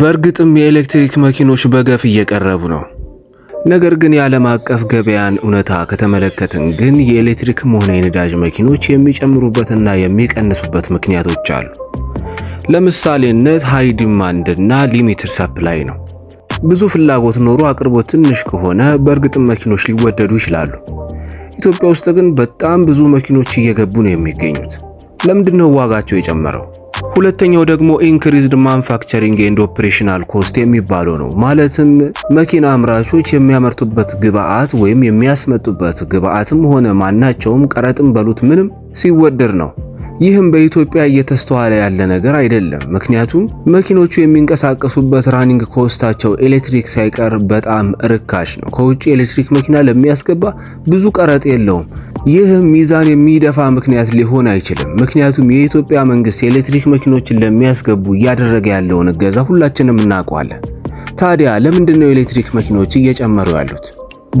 በእርግጥም የኤሌክትሪክ መኪኖች በገፍ እየቀረቡ ነው። ነገር ግን የዓለም አቀፍ ገበያን እውነታ ከተመለከትን ግን የኤሌክትሪክም ሆነ የነዳጅ መኪኖች የሚጨምሩበትና የሚቀንሱበት ምክንያቶች አሉ። ለምሳሌነት ሃይ ዲማንድ ሊሚትድ ሰፕላይ ነው። ብዙ ፍላጎት ኖሮ አቅርቦት ትንሽ ከሆነ በእርግጥም መኪኖች ሊወደዱ ይችላሉ። ኢትዮጵያ ውስጥ ግን በጣም ብዙ መኪኖች እየገቡ ነው የሚገኙት። ለምንድነው ዋጋቸው የጨመረው? ሁለተኛው ደግሞ ኢንክሪዝድ ማኑፋክቸሪንግ ኤንድ ኦፕሬሽናል ኮስት የሚባለው ነው። ማለትም መኪና አምራቾች የሚያመርቱበት ግብአት ወይም የሚያስመጡበት ግብአትም ሆነ ማናቸውም ቀረጥም በሉት ምንም ሲወደድ ነው። ይህም በኢትዮጵያ እየተስተዋለ ያለ ነገር አይደለም። ምክንያቱም መኪኖቹ የሚንቀሳቀሱበት ራኒንግ ኮስታቸው ኤሌክትሪክ ሳይቀር በጣም ርካሽ ነው። ከውጭ ኤሌክትሪክ መኪና ለሚያስገባ ብዙ ቀረጥ የለውም። ይህ ሚዛን የሚደፋ ምክንያት ሊሆን አይችልም። ምክንያቱም የኢትዮጵያ መንግስት የኤሌክትሪክ መኪኖችን ለሚያስገቡ እያደረገ ያለውን እገዛ ሁላችንም እናውቀዋለን። ታዲያ ለምንድን ነው የኤሌክትሪክ መኪኖች እየጨመሩ ያሉት?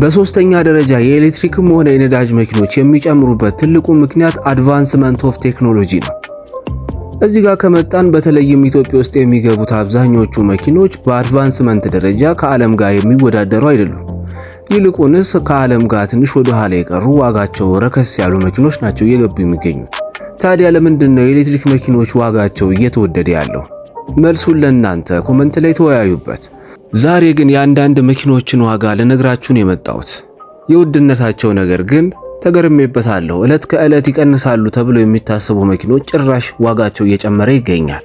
በሶስተኛ ደረጃ የኤሌክትሪክም ሆነ የነዳጅ መኪኖች የሚጨምሩበት ትልቁ ምክንያት አድቫንስመንት ኦፍ ቴክኖሎጂ ነው። እዚህ ጋር ከመጣን በተለይም ኢትዮጵያ ውስጥ የሚገቡት አብዛኞቹ መኪኖች በአድቫንስመንት ደረጃ ከዓለም ጋር የሚወዳደሩ አይደሉም። ይልቁንስ ከዓለም ጋር ትንሽ ወደ ኋላ የቀሩ ዋጋቸው ረከስ ያሉ መኪኖች ናቸው እየገቡ የሚገኙት። ታዲያ ለምንድን ነው የኤሌክትሪክ መኪኖች ዋጋቸው እየተወደደ ያለው? መልሱን ለእናንተ ኮመንት ላይ ተወያዩበት። ዛሬ ግን የአንዳንድ መኪኖችን ዋጋ ልነግራችሁን የመጣሁት የውድነታቸው ነገር ግን ተገርሜበታለሁ። ዕለት ከዕለት ይቀንሳሉ ተብሎ የሚታሰቡ መኪኖች ጭራሽ ዋጋቸው እየጨመረ ይገኛል።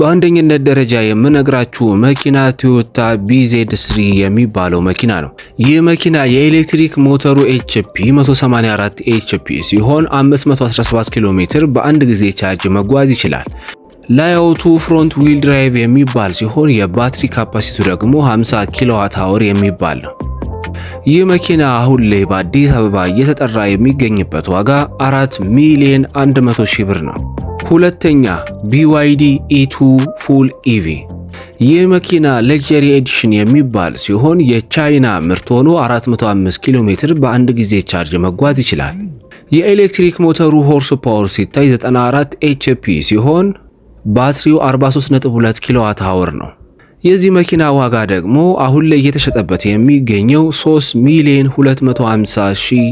በአንደኝነት ደረጃ የምነግራችሁ መኪና ቶዮታ ቢዜድ ስሪ የሚባለው መኪና ነው። ይህ መኪና የኤሌክትሪክ ሞተሩ HP 184 ኤችፒ ሲሆን 517 ኪሎ ሜትር በአንድ ጊዜ ቻርጅ መጓዝ ይችላል። ላይአውቱ ፍሮንት ዊል ድራይቭ የሚባል ሲሆን የባትሪ ካፓሲቲው ደግሞ 50 ኪሎዋት አወር የሚባል ነው። ይህ መኪና አሁን ላይ በአዲስ አበባ እየተጠራ የሚገኝበት ዋጋ 4 ሚሊዮን 100 ሺህ ብር ነው። ሁለተኛ BYD E2 ፉል ኢቪ ይህ መኪና ሌክዠሪ ኤዲሽን የሚባል ሲሆን የቻይና ምርት ሆኖ 405 ኪሎ ሜትር በአንድ ጊዜ ቻርጅ መጓዝ ይችላል። የኤሌክትሪክ ሞተሩ ሆርስ ፓወር ሲታይ 94 ኤችፒ ሲሆን ባትሪው 432 ኪሎዋት አወር ነው። የዚህ መኪና ዋጋ ደግሞ አሁን ላይ እየተሸጠበት የሚገኘው 3 ሚሊዮን 250 ሺህ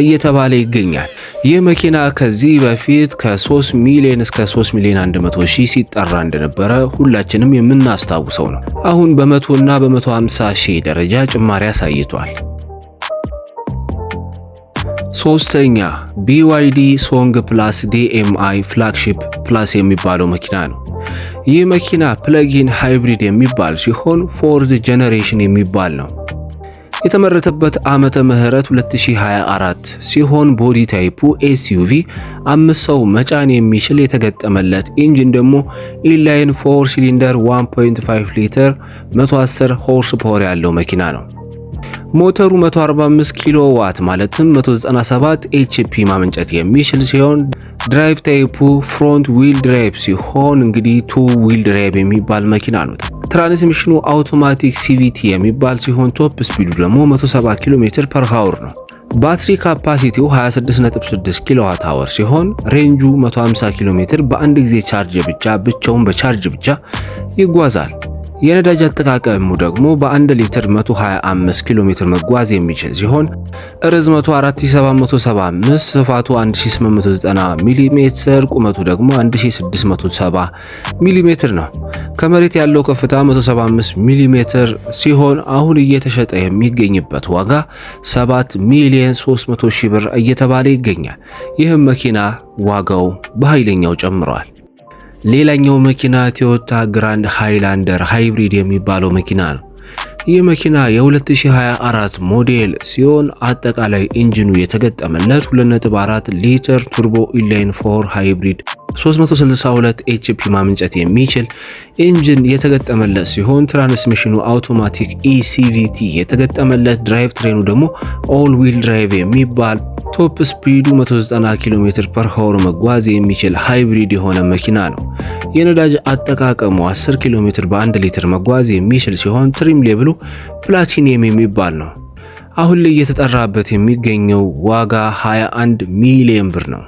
እየተባለ ይገኛል። ይህ መኪና ከዚህ በፊት ከ3 ሚሊዮን እስከ 3 ሚሊዮን 100 ሺህ ሲጠራ እንደነበረ ሁላችንም የምናስታውሰው ነው። አሁን በመቶና በ150 ሺህ ደረጃ ጭማሪ አሳይቷል። ሶስተኛ ቢዋይዲ ሶንግ ፕላስ ዲኤምአይ ፍላግሺፕ ፕላስ የሚባለው መኪና ነው። ይህ መኪና ፕለጊን ሃይብሪድ የሚባል ሲሆን ፎርዝ ጄኔሬሽን የሚባል ነው። የተመረተበት ዓመተ ምህረት 2024 ሲሆን ቦዲ ታይፑ ኤስዩቪ አምስት ሰው መጫን የሚችል የተገጠመለት ኢንጂን ደግሞ ኢንላይን ፎር ሲሊንደር 1.5 ሊትር 110 ሆርስ ፓወር ያለው መኪና ነው። ሞተሩ 145 ኪሎ ዋት ማለትም 197 ኤችፒ ማመንጨት የሚችል ሲሆን ድራይቭ ታይፑ ፍሮንት ዊል ድራይቭ ሲሆን እንግዲህ ቱ ዊል ድራይቭ የሚባል መኪና ነው። ትራንስሚሽኑ አውቶማቲክ ሲቪቲ የሚባል ሲሆን ቶፕ ስፒዱ ደግሞ 170 ኪሎ ሜትር ፐር ሃውር ነው። ባትሪ ካፓሲቲው 266 ኪሎዋት አወር ሲሆን ሬንጁ 150 ኪሎ ሜትር በአንድ ጊዜ ቻርጅ ብቻ ብቻውን በቻርጅ ብቻ ይጓዛል። የነዳጅ አጠቃቀሙ ደግሞ በ1 ሊትር 125 ኪሎ ሜትር መጓዝ የሚችል ሲሆን ርዝመቱ 4775፣ ስፋቱ 1890 ሚሜ፣ ቁመቱ ደግሞ 1670 ሚሜ ነው። ከመሬት ያለው ከፍታ 175 ሚሜ ሲሆን አሁን እየተሸጠ የሚገኝበት ዋጋ 7 ሚሊዮን 300 ሺህ ብር እየተባለ ይገኛል። ይህም መኪና ዋጋው በኃይለኛው ጨምሯል። ሌላኛው መኪና ቶዮታ ግራንድ ሃይላንደር ሃይብሪድ የሚባለው መኪና ነው። ይህ መኪና የ2024 ሞዴል ሲሆን አጠቃላይ ኢንጂኑ የተገጠመለት 2.4 ሊትር ቱርቦ ኢንላይን ፎር ሃይብሪድ 362 ኤችፒ ማመንጨት የሚችል ኢንጂን የተገጠመለት ሲሆን ትራንስሚሽኑ አውቶማቲክ ኢሲቪቲ የተገጠመለት፣ ድራይቭ ትሬኑ ደግሞ ኦል ዊል ድራይቭ የሚባል ቶፕ ስፒዱ 190 ኪሎ ሜትር ፐር ሆር መጓዝ የሚችል ሃይብሪድ የሆነ መኪና ነው። የነዳጅ አጠቃቀሙ 10 ኪሎ ሜትር በ1 ሊትር መጓዝ የሚችል ሲሆን ትሪም ሌብሉ ፕላቲኒየም የሚባል ነው። አሁን ላይ እየተጠራበት የሚገኘው ዋጋ 21 ሚሊዮን ብር ነው።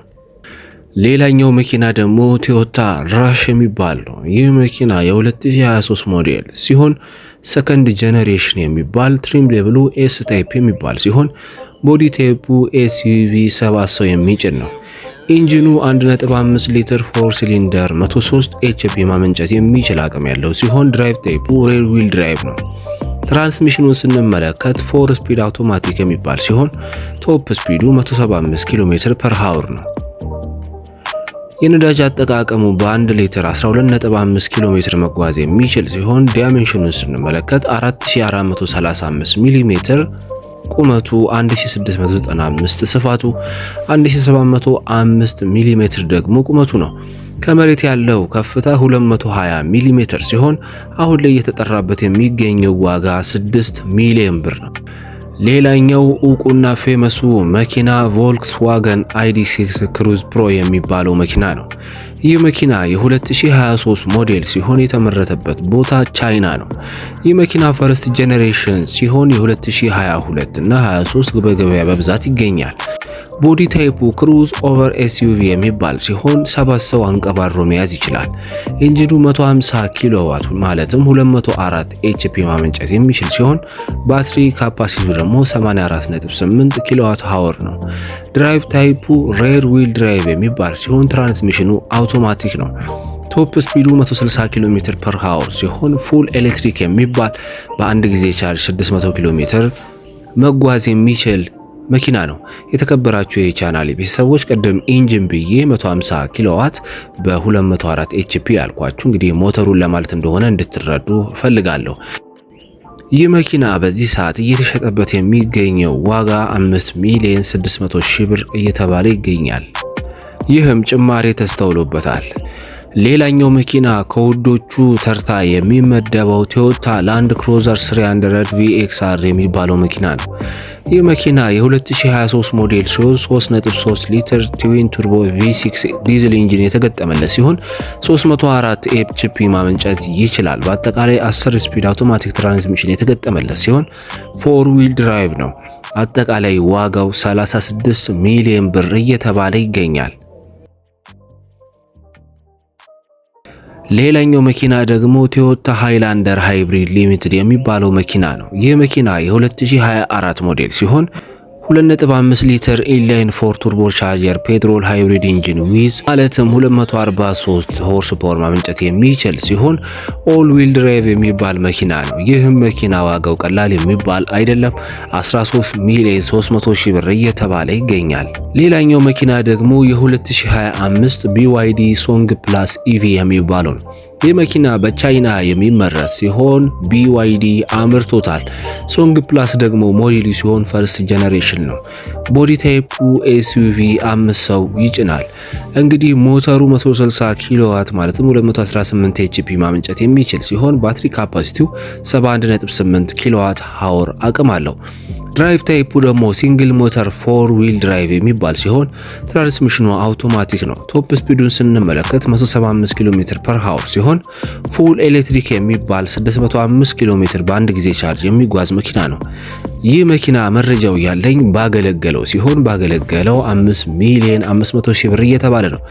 ሌላኛው መኪና ደግሞ ቶዮታ ራሽ የሚባል ነው። ይህ መኪና የ2023 ሞዴል ሲሆን ሰከንድ ጄኔሬሽን የሚባል ትሪም ሌብሉ ኤስ ታይፕ የሚባል ሲሆን ቦዲ ቴፑ ኤስዩቪ 7 ሰው የሚጭን ነው። ኢንጂኑ 1.5 ሊትር ፎር ሲሊንደር 103 ኤችፒ ማመንጨት የሚችል አቅም ያለው ሲሆን ድራይቭ ቴፑ ሬር ዊል ድራይቭ ነው። ትራንስሚሽኑን ስንመለከት ፎር ስፒድ አውቶማቲክ የሚባል ሲሆን ቶፕ ስፒዱ 175 ኪሎ ሜትር ፐር ሃውር ነው። የነዳጅ አጠቃቀሙ በ1 ሊትር 12.5 ኪሎ ሜትር መጓዝ የሚችል ሲሆን ዳይሜንሽኑን ስንመለከት 4435 ሚሊ ሜትር ቁመቱ 1695፣ ስፋቱ 1705 ሚሜ ደግሞ ቁመቱ ነው። ከመሬት ያለው ከፍታ 220 ሚሜ ሲሆን አሁን ላይ እየተጠራበት የሚገኘው ዋጋ 6 ሚሊዮን ብር ነው። ሌላኛው እውቁና ፌመሱ መኪና ቮልክስዋገን አይዲ6 ክሩዝ ፕሮ የሚባለው መኪና ነው። ይህ መኪና የ2023 ሞዴል ሲሆን የተመረተበት ቦታ ቻይና ነው። ይህ መኪና ፈርስት ጄኔሬሽን ሲሆን የ2022 እና 23 በገበያ በብዛት ይገኛል። ቦዲ ታይፑ ክሩዝ ኦቨር ኤስዩቪ የሚባል ሲሆን ሰባት ሰው አንቀባሮ መያዝ ይችላል። ኢንጂኑ 150 ኪሎ ዋት ማለትም 204 ኤችፒ ማመንጨት የሚችል ሲሆን ባትሪ ካፓሲቲው ደግሞ 848 ኪሎ ዋት ሃወር ነው። ድራይቭ ታይፑ ሬር ዊል ድራይቭ የሚባል ሲሆን ትራንስሚሽኑ አውቶማቲክ ነው። ቶፕ ስፒዱ 160 ኪሎ ሜትር ፐር ሃወር ሲሆን ፉል ኤሌክትሪክ የሚባል በአንድ ጊዜ ቻርጅ 600 ኪሎ ሜትር መጓዝ የሚችል መኪና ነው። የተከበራችሁ የቻናል ቤተሰቦች ቅድም ኢንጂን ብዬ 150 ኪሎዋት በ204 ኤችፒ ያልኳችሁ እንግዲህ ሞተሩን ለማለት እንደሆነ እንድትረዱ ፈልጋለሁ። ይህ መኪና በዚህ ሰዓት እየተሸጠበት የሚገኘው ዋጋ 5 ሚሊዮን 600 ሺህ ብር እየተባለ ይገኛል። ይህም ጭማሪ ተስተውሎበታል። ሌላኛው መኪና ከውዶቹ ተርታ የሚመደበው ቶዮታ ላንድ ክሩዘር 300 ቪኤክስአር የሚባለው መኪና ነው። ይህ መኪና የ2023 ሞዴል ሲሆን 3.3 ሊትር ትዊን ቱርቦ V6 ዲዝል ኢንጂን የተገጠመለት ሲሆን 304 ኤችፒ ማመንጨት ይችላል። በአጠቃላይ 10 ስፒድ አውቶማቲክ ትራንስሚሽን የተገጠመለት ሲሆን ፎር ዊል ድራይቭ ነው። አጠቃላይ ዋጋው 36 ሚሊዮን ብር እየተባለ ይገኛል። ሌላኛው መኪና ደግሞ ቶዮታ ሃይላንደር ሃይብሪድ ሊሚትድ የሚባለው መኪና ነው። ይህ መኪና የ2024 ሞዴል ሲሆን 2.5 ሊትር ኢንላይን ፎር ቱርቦ ቻርጀር ፔትሮል ሃይብሪድ ኢንጂን ዊዝ ማለትም 243 ሆርስ ፓወር ማመንጨት የሚችል ሲሆን ኦል ዊል ድራይቭ የሚባል መኪና ነው። ይህም መኪና ዋጋው ቀላል የሚባል አይደለም፣ 13 ሚሊዮን 300 ሺህ ብር እየተባለ ይገኛል። ሌላኛው መኪና ደግሞ የ2025 BYD ሶንግ Plus ኢቪ የሚባለው ነው። ይህ መኪና በቻይና የሚመረት ሲሆን BYD አምርቶታል። ሶንግ Plus ደግሞ ሞዴሉ ሲሆን ፈርስት ጀነሬሽን ነው። ቦዲ ታይፑ SUV አምስት ሰው ይጭናል። እንግዲህ ሞተሩ 160 ኪሎዋት ማለትም 218 HP ማመንጨት የሚችል ሲሆን ባትሪ ካፓሲቲው 718 ኪሎዋት ሀወር አቅም አለው። ድራይቭ ታይፑ ደግሞ ሲንግል ሞተር ፎር ዊል ድራይቭ የሚባል ሲሆን ትራንስሚሽኑ አውቶማቲክ ነው። ቶፕ ስፒዱን ስንመለከት 175 ኪሎ ሜትር ፐር ሃወር ሲሆን ፉል ኤሌክትሪክ የሚባል 605 ኪሎ ሜትር በአንድ ጊዜ ቻርጅ የሚጓዝ መኪና ነው። ይህ መኪና መረጃው ያለኝ ባገለገለው ሲሆን ባገለገለው 5 ሚሊዮን 500 ሺህ ብር እየተባለ ነው።